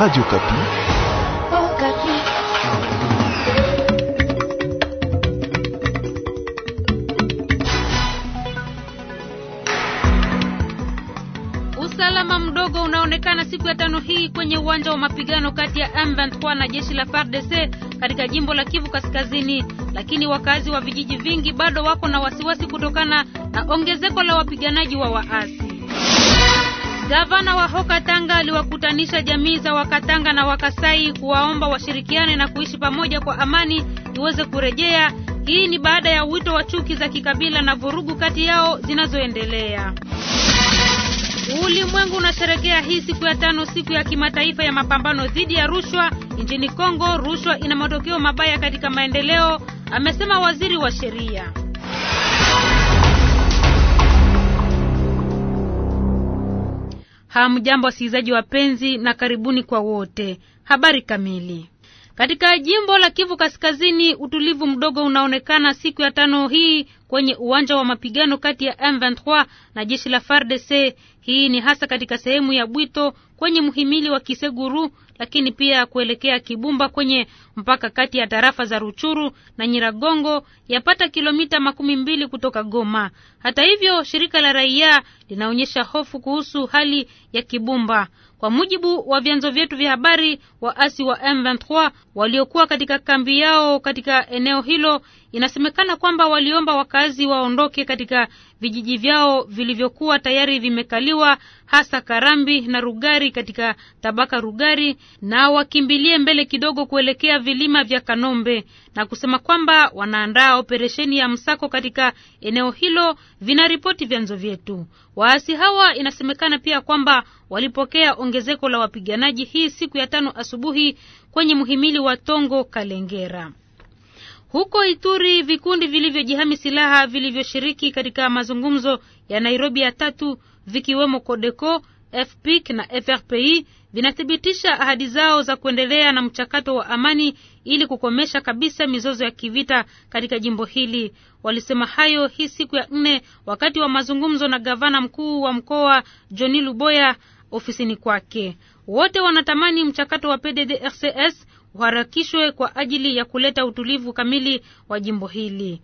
Radio Kapi. Oh, Kapi. Usalama mdogo unaonekana siku ya tano hii kwenye uwanja wa mapigano kati ya M23 na jeshi la FARDC katika jimbo la Kivu Kaskazini, lakini wakazi wa vijiji vingi bado wako na wasiwasi kutokana na ongezeko la wapiganaji wa waasi. Gavana wa Hoka Tanga aliwakutanisha jamii za Wakatanga na Wakasai kuwaomba washirikiane na kuishi pamoja kwa amani iweze kurejea. Hii ni baada ya wito wa chuki za kikabila na vurugu kati yao zinazoendelea. Ulimwengu unasherekea hii siku ya tano siku ya kimataifa ya mapambano dhidi ya rushwa. Nchini Kongo rushwa ina matokeo mabaya katika maendeleo, amesema waziri wa sheria. Hamjambo wasikilizaji wapenzi, na karibuni kwa wote. Habari kamili katika jimbo la Kivu Kaskazini, utulivu mdogo unaonekana siku ya tano hii kwenye uwanja wa mapigano kati ya M23 na jeshi la FARDC hii ni hasa katika sehemu ya Bwito kwenye mhimili wa Kiseguru, lakini pia kuelekea Kibumba kwenye mpaka kati ya tarafa za Ruchuru na Nyiragongo, yapata kilomita makumi mbili kutoka Goma. Hata hivyo, shirika la raia linaonyesha hofu kuhusu hali ya Kibumba. Kwa mujibu wa vyanzo vyetu vya habari, waasi wa M23 waliokuwa katika kambi yao katika eneo hilo, inasemekana kwamba waliomba wakazi waondoke katika vijiji vyao vilivyokuwa tayari vimekaliwa, hasa Karambi na Rugari katika tabaka Rugari, na wakimbilie mbele kidogo kuelekea vilima vya Kanombe na kusema kwamba wanaandaa operesheni ya msako katika eneo hilo, vina ripoti vyanzo vyetu. Waasi hawa inasemekana pia kwamba walipokea ongezeko la wapiganaji hii siku ya tano asubuhi kwenye mhimili wa Tongo Kalengera. Huko Ituri, vikundi vilivyojihami silaha vilivyoshiriki katika mazungumzo ya Nairobi ya tatu vikiwemo CODECO, FPIC na FRPI vinathibitisha ahadi zao za kuendelea na mchakato wa amani ili kukomesha kabisa mizozo ya kivita katika jimbo hili. Walisema hayo hii siku ya nne wakati wa mazungumzo na gavana mkuu wa mkoa Johnny Luboya ofisini kwake. Wote wanatamani mchakato wa PDDRCS uharakishwe kwa ajili ya kuleta utulivu kamili wa jimbo hili.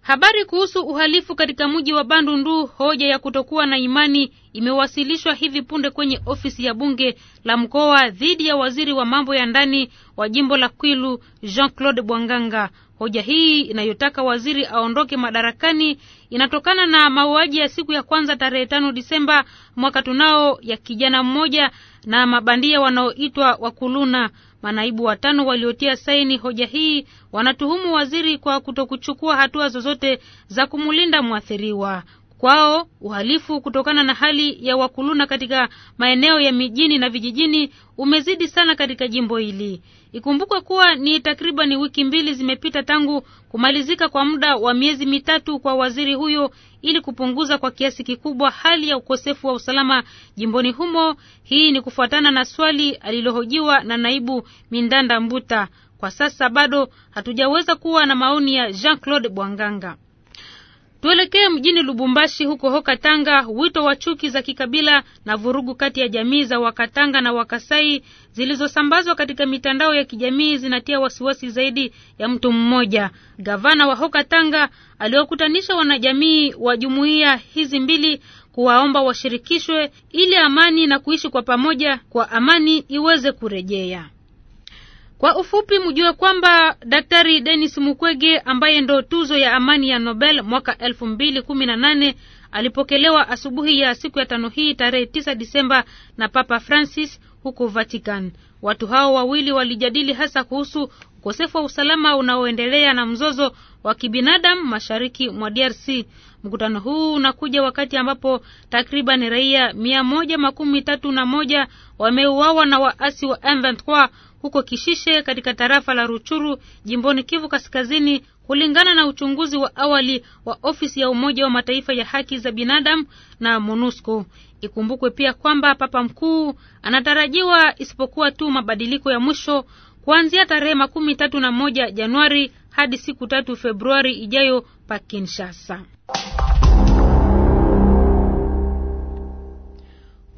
Habari kuhusu uhalifu katika mji wa Bandundu, hoja ya kutokuwa na imani imewasilishwa hivi punde kwenye ofisi ya bunge la mkoa dhidi ya waziri wa mambo ya ndani wa jimbo la Kwilu Jean-Claude Bwanganga. Hoja hii inayotaka waziri aondoke madarakani inatokana na mauaji ya siku ya kwanza tarehe tano Disemba mwaka tunao ya kijana mmoja na mabandia wanaoitwa wakuluna. Manaibu watano waliotia saini hoja hii wanatuhumu waziri kwa kutokuchukua hatua zozote za kumulinda mwathiriwa. Kwao uhalifu kutokana na hali ya wakuluna katika maeneo ya mijini na vijijini umezidi sana katika jimbo hili. Ikumbukwe kuwa ni takribani wiki mbili zimepita tangu kumalizika kwa muda wa miezi mitatu kwa waziri huyo ili kupunguza kwa kiasi kikubwa hali ya ukosefu wa usalama jimboni humo. Hii ni kufuatana na swali alilohojiwa na naibu Mindanda Mbuta. Kwa sasa bado hatujaweza kuwa na maoni ya Jean-Claude Bwanganga. Tuelekee mjini Lubumbashi huko hokatanga Wito wa chuki za kikabila na vurugu kati ya jamii za Wakatanga na Wakasai zilizosambazwa katika mitandao ya kijamii zinatia wasiwasi zaidi ya mtu mmoja. Gavana wa hokatanga aliwakutanisha wanajamii wa jumuiya hizi mbili kuwaomba washirikishwe ili amani na kuishi kwa pamoja kwa amani iweze kurejea. Kwa ufupi mjue kwamba Daktari Denis Mukwege ambaye ndo tuzo ya amani ya Nobel mwaka 2018 alipokelewa asubuhi ya siku ya tano hii tarehe 9 Disemba na Papa Francis huko Vatican. Watu hao wawili walijadili hasa kuhusu ukosefu wa usalama unaoendelea na mzozo wa kibinadamu mashariki mwa DRC. Mkutano huu unakuja wakati ambapo takriban raia mia moja makumi tatu na moja wameuawa na waasi wa M23 huko Kishishe katika tarafa la Ruchuru jimboni Kivu Kaskazini, kulingana na uchunguzi wa awali wa ofisi ya Umoja wa Mataifa ya haki za binadamu na MONUSCO. Ikumbukwe pia kwamba Papa Mkuu anatarajiwa isipokuwa tu mabadiliko ya mwisho kuanzia tarehe makumi tatu na moja Januari hadi siku tatu Februari ijayo pa Kinshasa.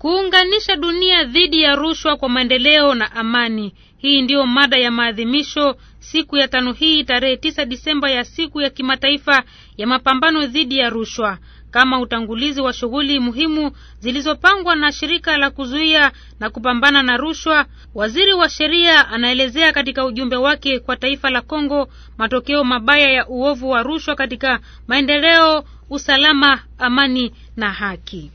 Kuunganisha dunia dhidi ya rushwa kwa maendeleo na amani. Hii ndiyo mada ya maadhimisho siku ya tano hii tarehe tisa Disemba ya siku ya kimataifa ya mapambano dhidi ya rushwa kama utangulizi wa shughuli muhimu zilizopangwa na shirika la kuzuia na kupambana na rushwa. Waziri wa sheria anaelezea katika ujumbe wake kwa taifa la Kongo matokeo mabaya ya uovu wa rushwa katika maendeleo, usalama, amani na haki.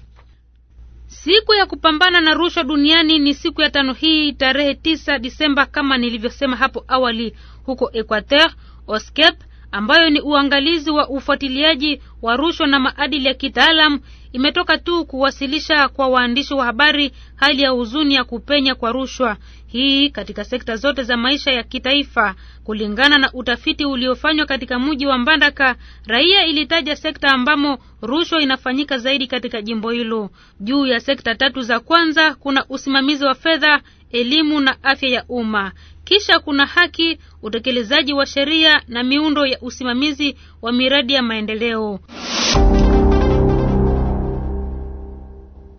Siku ya kupambana na rushwa duniani ni siku ya tano hii tarehe tisa Disemba, kama nilivyosema hapo awali, huko Equateur, Oskep ambayo ni uangalizi wa ufuatiliaji wa rushwa na maadili ya kitaalamu imetoka tu kuwasilisha kwa waandishi wa habari hali ya huzuni ya kupenya kwa rushwa hii katika sekta zote za maisha ya kitaifa. Kulingana na utafiti uliofanywa katika mji wa Mbandaka, raia ilitaja sekta ambamo rushwa inafanyika zaidi katika jimbo hilo. Juu ya sekta tatu za kwanza kuna usimamizi wa fedha, elimu na afya ya umma. Kisha kuna haki, utekelezaji wa sheria na miundo ya usimamizi wa miradi ya maendeleo.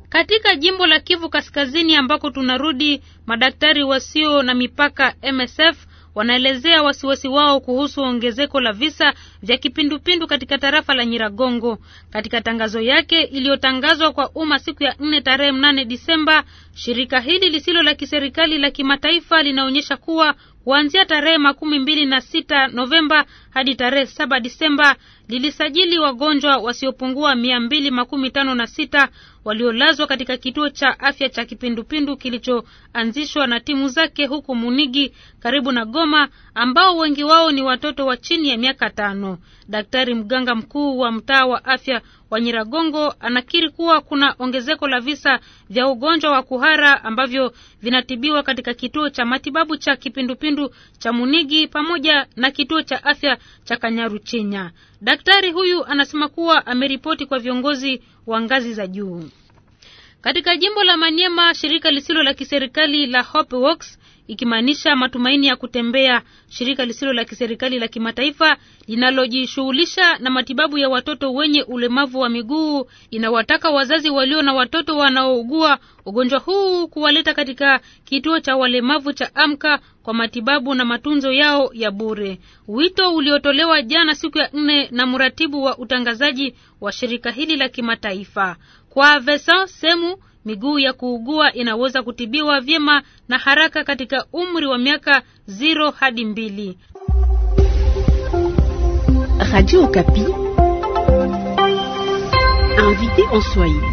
Katika jimbo la Kivu Kaskazini ambako tunarudi, madaktari wasio na mipaka MSF wanaelezea wasiwasi wao kuhusu ongezeko la visa vya kipindupindu katika tarafa la Nyiragongo. Katika tangazo yake iliyotangazwa kwa umma siku ya 4 tarehe mnane Disemba, shirika hili lisilo la kiserikali la kimataifa linaonyesha kuwa kuanzia tarehe makumi mbili na sita Novemba hadi tarehe saba Disemba lilisajili wagonjwa wasiopungua mia mbili makumi tano na sita waliolazwa katika kituo cha afya cha kipindupindu kilichoanzishwa na timu zake huko Munigi karibu na Goma, ambao wengi wao ni watoto wa chini ya miaka tano. Daktari mganga mkuu wa mtaa wa afya wa Nyiragongo anakiri kuwa kuna ongezeko la visa vya ugonjwa wa kuhara ambavyo vinatibiwa katika kituo cha matibabu cha kipindupindu cha Munigi pamoja na kituo cha afya cha Kanyaruchinya. Daktari huyu anasema kuwa ameripoti kwa viongozi wa ngazi za juu. Katika jimbo la Maniema, shirika lisilo la kiserikali la Hope Works ikimaanisha matumaini ya kutembea. Shirika lisilo la kiserikali la kimataifa linalojishughulisha na matibabu ya watoto wenye ulemavu wa miguu inawataka wazazi walio na watoto wanaougua ugonjwa huu kuwaleta katika kituo cha walemavu cha Amka kwa matibabu na matunzo yao ya bure. Wito uliotolewa jana siku ya nne na mratibu wa utangazaji wa shirika hili la kimataifa kwa Vesa Semu Miguu ya kuugua inaweza kutibiwa vyema na haraka katika umri wa miaka zero hadi mbili. Radio Okapi en Swahili.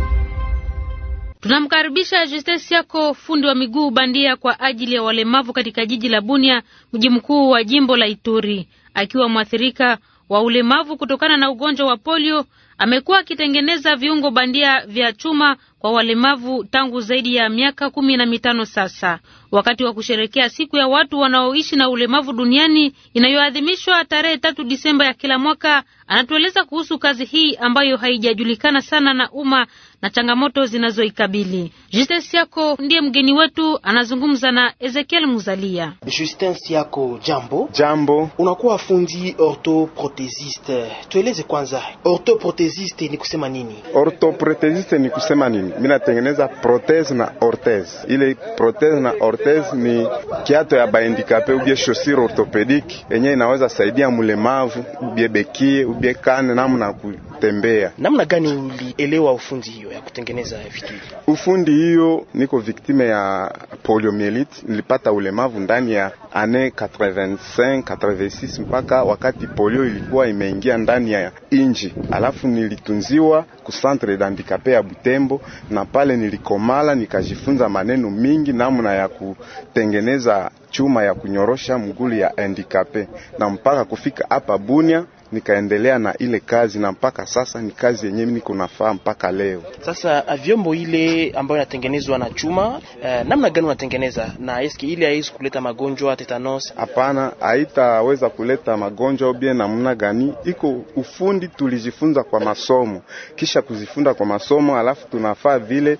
Tunamkaribisha Justin Siako, fundi wa miguu bandia kwa ajili ya walemavu katika jiji la Bunia, mji mkuu wa jimbo la Ituri. Akiwa mwathirika wa ulemavu kutokana na ugonjwa wa polio, amekuwa akitengeneza viungo bandia vya chuma wa walemavu tangu zaidi ya miaka kumi na mitano sasa, wakati wa kusherekea siku ya watu wanaoishi na ulemavu duniani inayoadhimishwa tarehe tatu Disemba ya kila mwaka. Anatueleza kuhusu kazi hii ambayo haijajulikana sana na umma na changamoto zinazoikabili. Justin Siako ndiye mgeni wetu, anazungumza na Ezekiel Muzalia. Justin Siako, jambo. Jambo. Unakuwa fundi orthoprotesiste, tueleze kwanza orthoprotesiste ni kusema nini? Orthoprotesiste ni kusema nini? minatengeneza protese na ortese. Ile protese na ortese ni kiato ya baendikape ubie shosiri ortopediki enye inaweza saidia mulemavu ubie bekie ubie kane namna kutembea. Namna gani ulielewa ufundi hiyo ya kutengeneza vitu hivi? Ufundi hiyo, niko viktime ya poliomyelite, nilipata ulemavu ndani ya ane 85 86 mpaka wakati polio ilikuwa imeingia ndani ya inji, alafu nilitunziwa ku centre d'handicapé ya Butembo na pale nilikomala nikajifunza maneno mingi, namna ya kutengeneza chuma ya kunyorosha mgulu ya handikape, na mpaka kufika hapa Bunia nikaendelea na ile kazi, na mpaka sasa ni kazi mimi niko nafaa mpaka leo. Sasa uh, vyombo ile ambayo inatengenezwa na chuma uh, namna gani unatengeneza na eski ile haiwezi kuleta magonjwa tetanus? Hapana, haitaweza kuleta magonjwa obie. Namna gani? Iko ufundi tulijifunza kwa masomo, kisha kuzifunda kwa masomo, alafu tunafaa vile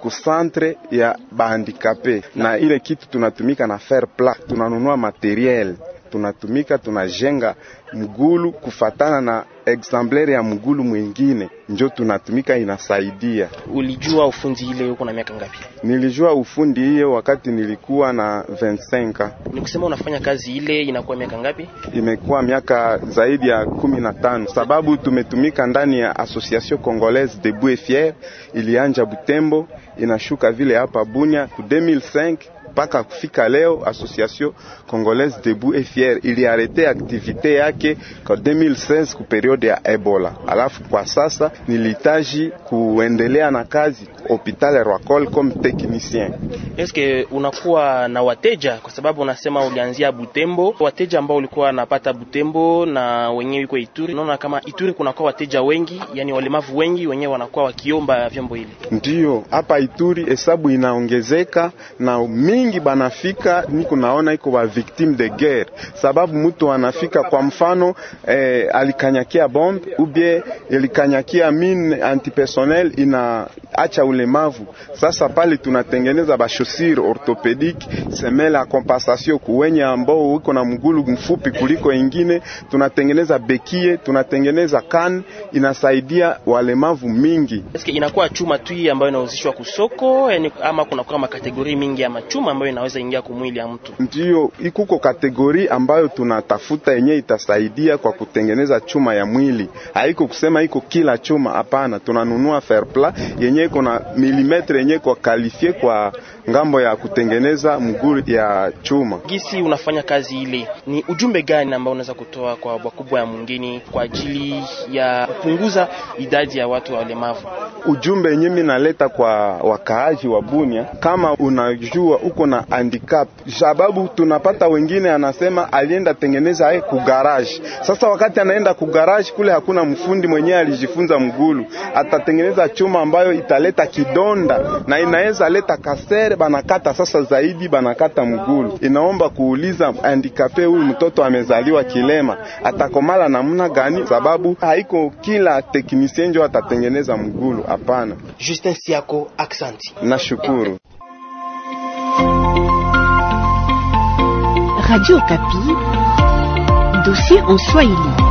ku centre ya bandikape na ile kitu tunatumika na fair play, tunanunua materiel tunatumika tunajenga mgulu kufatana na exemplaire ya mgulu mwingine, njo tunatumika inasaidia. Ulijua ufundi ile yuko na miaka ngapi? Nilijua ufundi hiyo wakati nilikuwa na 25. Ni kusema unafanya kazi ile inakuwa miaka ngapi? Imekuwa miaka zaidi ya kumi na tano, sababu tumetumika ndani ya Association Congolaise de Bois Fier, ilianja Butembo inashuka vile hapa Bunia ku 2005 mpaka kufika leo Association Congolaise Debout et Fier iliarete aktivite yake kwa 2016 ku periode ya Ebola, alafu kwa sasa nilitaji kuendelea na kazi hopital Rwakol comme technicien. Eske unakuwa na wateja kwa sababu unasema ulianzia Butembo, wateja ambao ulikuwa napata Butembo na wenyewe iko Ituri. Unaona kama Ituri kunakuwa wateja wengi, yani walemavu wengi wenyewe wanakuwa wakiomba vyombo hivi. Ndio hapa Ituri hesabu inaongezeka na mingi mingi banafika ni kunaona iko ba victime de guerre, sababu mtu anafika kwa mfano eh, alikanyakia bombe ubie alikanyakia mine antipersonnel ina acha ulemavu. Sasa pale tunatengeneza bashosiri orthopedic semela kompasasio kuwenye ambao uko na mgulu mfupi kuliko ingine, tunatengeneza bekie, tunatengeneza kan, inasaidia walemavu mingi. Eske Inakuwa chuma tu hii ambayo inahusishwa kusoko, yani ama kuna kwa makategori mingi ya machuma ambayo inaweza ingia kumwili ya mtu. Ndio ikuko kategori ambayo tunatafuta yenye itasaidia kwa kutengeneza chuma ya mwili. Haiko kusema iko kila chuma, hapana, tunanunua ferpla yenye yenye iko milimetre yenye kwa kalifie kwa ngambo ya kutengeneza mguru ya chuma. Gisi unafanya kazi ile, ni ujumbe gani ambao unaweza kutoa kwa wakubwa ya mwingine kwa ajili ya kupunguza idadi ya watu wa walemavu? Ujumbe yenyewe mimi naleta kwa wakaaji wa Bunia, kama unajua uko na handicap, sababu tunapata wengine anasema alienda tengeneza aye ku garage. Sasa wakati anaenda ku garage kule, hakuna mfundi mwenyewe alijifunza mgulu, atatengeneza chuma ambayo italeta kidonda na inaweza leta kasere banakata sasa zaidi banakata mgulu. Inaomba kuuliza andikape, huyu mtoto amezaliwa kilema, atakomala namna gani? Sababu haiko kila teknisien njo atatengeneza mgulu, hapana. Justin Siako, aksanti. Nashukuru. Radio Kapi, dossier en Swahili.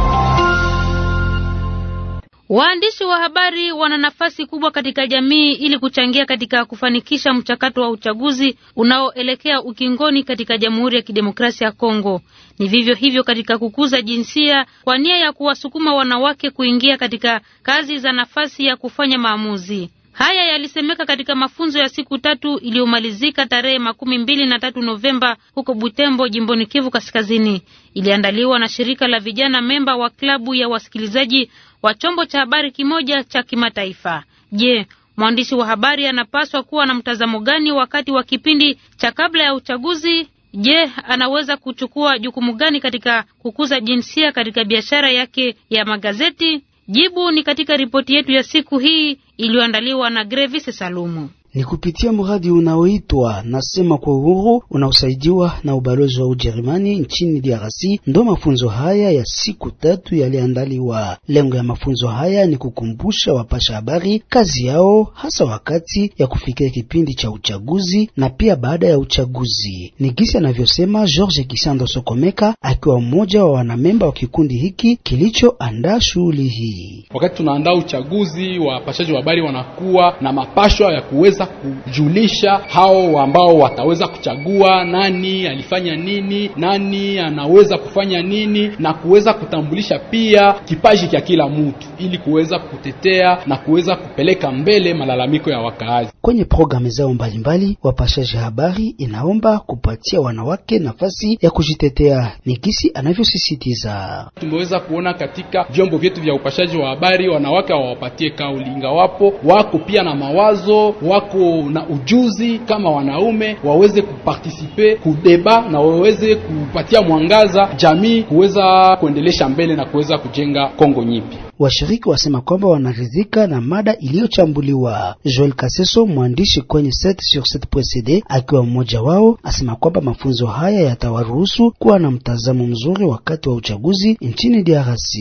Waandishi wa habari wana nafasi kubwa katika jamii ili kuchangia katika kufanikisha mchakato wa uchaguzi unaoelekea ukingoni katika Jamhuri ya Kidemokrasia ya Kongo. Ni vivyo hivyo katika kukuza jinsia kwa nia ya kuwasukuma wanawake kuingia katika kazi za nafasi ya kufanya maamuzi. Haya yalisemeka katika mafunzo ya siku tatu iliyomalizika tarehe makumi mbili na tatu Novemba huko Butembo, jimboni Kivu Kaskazini. Iliandaliwa na shirika la vijana memba wa klabu ya wasikilizaji wa chombo cha habari kimoja cha kimataifa. Je, mwandishi wa habari anapaswa kuwa na mtazamo gani wakati wa kipindi cha kabla ya uchaguzi? Je, anaweza kuchukua jukumu gani katika kukuza jinsia katika biashara yake ya magazeti? Jibu ni katika ripoti yetu ya siku hii iliyoandaliwa na Grevis Salumu ni kupitia mradi unaoitwa Nasema kwa Uhuru unaosaidiwa na ubalozi wa Ujerumani nchini DRC. Ndo mafunzo haya ya siku tatu yaliandaliwa. Lengo ya mafunzo haya ni kukumbusha wapasha habari kazi yao, hasa wakati ya kufikia kipindi cha uchaguzi na pia baada ya uchaguzi. Ni gisi anavyosema George Kisando Sokomeka, akiwa mmoja wa wanamemba wa kikundi hiki kilichoandaa shughuli hii. Wakati tunaandaa uchaguzi, wapashaji wa habari wanakuwa na mapashwa ya kuweza kuweza kujulisha hao ambao wataweza kuchagua nani alifanya nini, nani anaweza kufanya nini, na kuweza kutambulisha pia kipaji cha kila mtu ili kuweza kutetea na kuweza kupeleka mbele malalamiko ya wakaazi kwenye programu zao mbalimbali. Wapashaji habari inaomba kupatia wanawake nafasi ya kujitetea, ni kisi anavyosisitiza. Tumeweza kuona katika vyombo vyetu vya upashaji wa habari wanawake hawawapatie kauli, ingawapo wako pia na mawazo, wako na ujuzi kama wanaume, waweze kupartisipe kudeba na waweze kupatia mwangaza jamii kuweza kuendelesha mbele na kuweza kujenga Kongo nyipya. Washiriki wasema kwamba wanaridhika na mada iliyochambuliwa. Joel Kaseso, mwandishi kwenye set sur set akiwa mmoja wao, asema kwamba mafunzo haya yatawaruhusu kuwa na mtazamo mzuri wakati wa uchaguzi nchini DRC.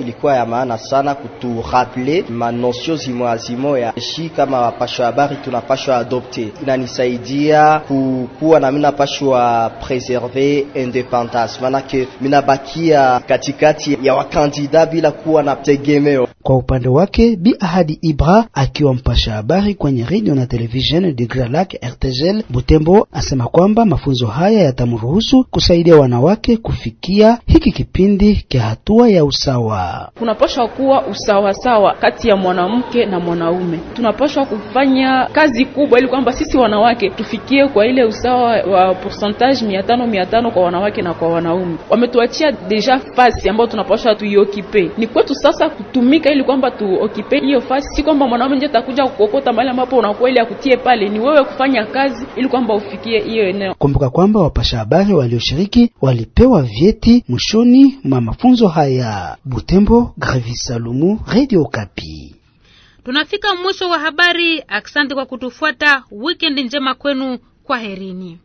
Ilikuwa ya maana sana kuturaple manosio zimoazimo ya shi kama wapasho habari tunapashwa adopte, inanisaidia kukuwa na minapashwa preserve independance, manake minabakia katikati ya wakandida bila kuwa na wategemewa Kwa upande wake Bi Ahadi Ibra akiwa mpasha habari kwenye radio na television de Grand Lac RTGL Butembo asema kwamba mafunzo haya yatamruhusu kusaidia wanawake kufikia hiki kipindi kya hatua ya usawa. kunapashwa kuwa usawasawa kati ya mwanamke na mwanaume, tunapashwa kufanya kazi kubwa ili kwamba sisi wanawake tufikie kwa ile usawa wa pourcentage mia tano mia tano kwa wanawake na kwa wanaume. Wametuachia deja fasi ambayo tunapashwa tuiokipe, ni kwetu sasa kutumika ili kwamba tuokipe hiyo fasi, si kwamba mwanaume nje atakuja kukokota mahali ambapo unakuwa ili akutie pale, ni wewe kufanya kazi ili kwamba ufikie hiyo eneo. Kumbuka kwamba wapasha habari walioshiriki walipewa vyeti mwishoni mwa mafunzo haya. Butembo, Gravi Salumu, Radio Kapi. Tunafika mwisho wa habari. Asante kwa kutufuata. Wikendi njema kwenu, kwa herini